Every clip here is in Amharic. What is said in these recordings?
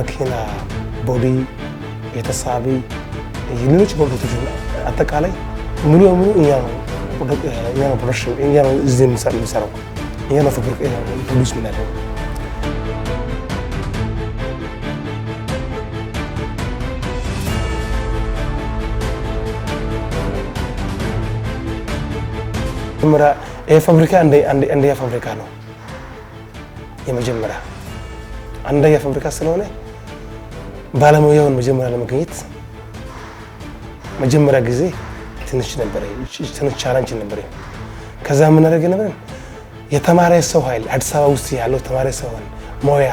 መኪና ቦዲ፣ ቤተሳቢ፣ ሌሎች ፕሮዳክቶች አጠቃላይ ሙሉ በሙሉ እኛ ነው ፕሮዳክሽን እኛ ነው እዚህ እኛ ነው ፕሮዲስ መጀመሪያ ፋብሪካ አንደኛ ፋብሪካ ነው። የመጀመሪያ አንደኛ ፋብሪካ ስለሆነ ባለሙያውን መጀመሪያ ለመገኘት መጀመሪያ ጊዜ ትንሽ ነበረ፣ ትንሽ ቻላንጅ ነበረ። ከዛ የምናደርገ ነበር የተማረ ሰው ኃይል አዲስ አበባ ውስጥ ያለው ተማረ ሰው ኃይል ሙያ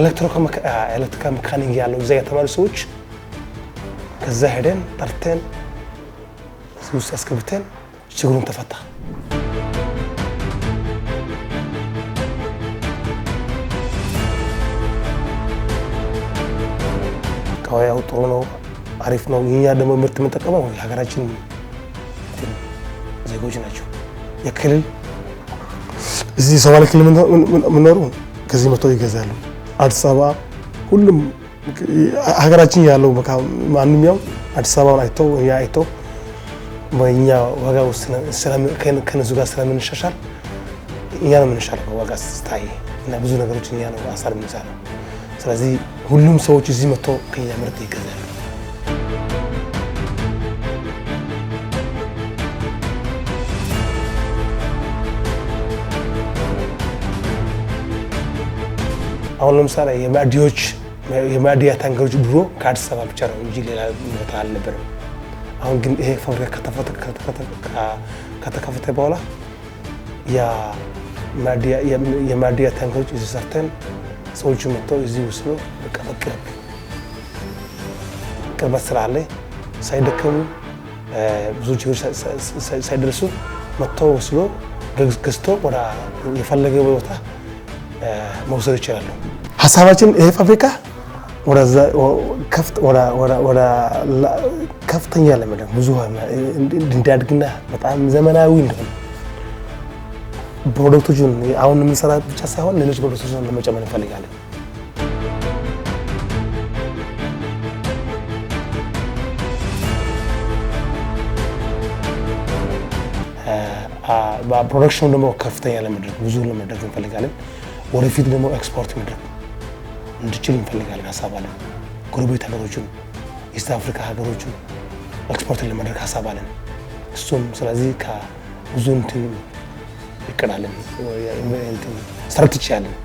ኤሌክትሪካ መካኒክ ያለው እዛ የተማሩ ሰዎች ከዛ ሄደን ጠርተን ውስጥ አስገብተን ችግሩን ተፈታ። ጨዋታው ጥሩ ነው፣ አሪፍ ነው። የኛ ደግሞ ምርት የምንጠቀመው የሀገራችን ዜጎች ናቸው። የክልል እዚህ ሶማሌ ክልል የምኖሩ ከዚህ መጥተው ይገዛሉ። አዲስ አበባ ሁሉም ሀገራችን ያለው ማንም ያው አዲስ አበባን አይተው እኛ አይተው በእኛ ዋጋ ከነሱ ጋር ስለምንሻሻል እኛ ነው የምንሻለው ዋጋ ስታይ እና ብዙ ነገሮች እኛ ነው አሳር የምንሰራው ስለዚህ ሁሉም ሰዎች እዚህ መጥቶ ከኛ ምርት ይገዛል። አሁን ለምሳሌ የማዕድዮች የማዕድያ ታንከሮች ድሮ ከአዲስ አበባ ብቻ ነው እንጂ ሌላ ቦታ አልነበረም። አሁን ግን ይሄ ፋብሪካ ከተከፈተ በኋላ የማዕድያ ታንከሮች እዚህ ሰርተን ሰዎቹ መጥተው እዚህ ውስሎ በቃ በቅርብ ቅርበት ስራ ሳይደከሙ ብዙ ችግር ሳይደርሱ መጥተው ወስሎ ገዝቶ ወደ የፈለገ ቦታ መውሰድ ይችላሉ። ሀሳባችን ይሄ ፋብሪካ ከፍተኛ ለመደ ብዙ እንዲያድግና በጣም ዘመናዊ እንደሆነ ፕሮደክቶችን አሁን የምንሰራ ብቻ ሳይሆን ሌሎች ፕሮደክቶችን ለመጨመር እንፈልጋለን። ፕሮዳክሽኑ ደግሞ ከፍተኛ ለመድረግ ብዙ ለመድረግ እንፈልጋለን። ወደፊት ደግሞ ኤክስፖርት መድረግ እንድችል እንፈልጋለን። ሀሳብ አለን። ጎረቤት ሀገሮችን፣ ኢስት አፍሪካ ሀገሮችን ኤክስፖርት ለመድረግ ሀሳብ አለን። እሱም ስለዚህ ከብዙ እንትን እቅድ አለን፣ ስትራቴጂ አለን።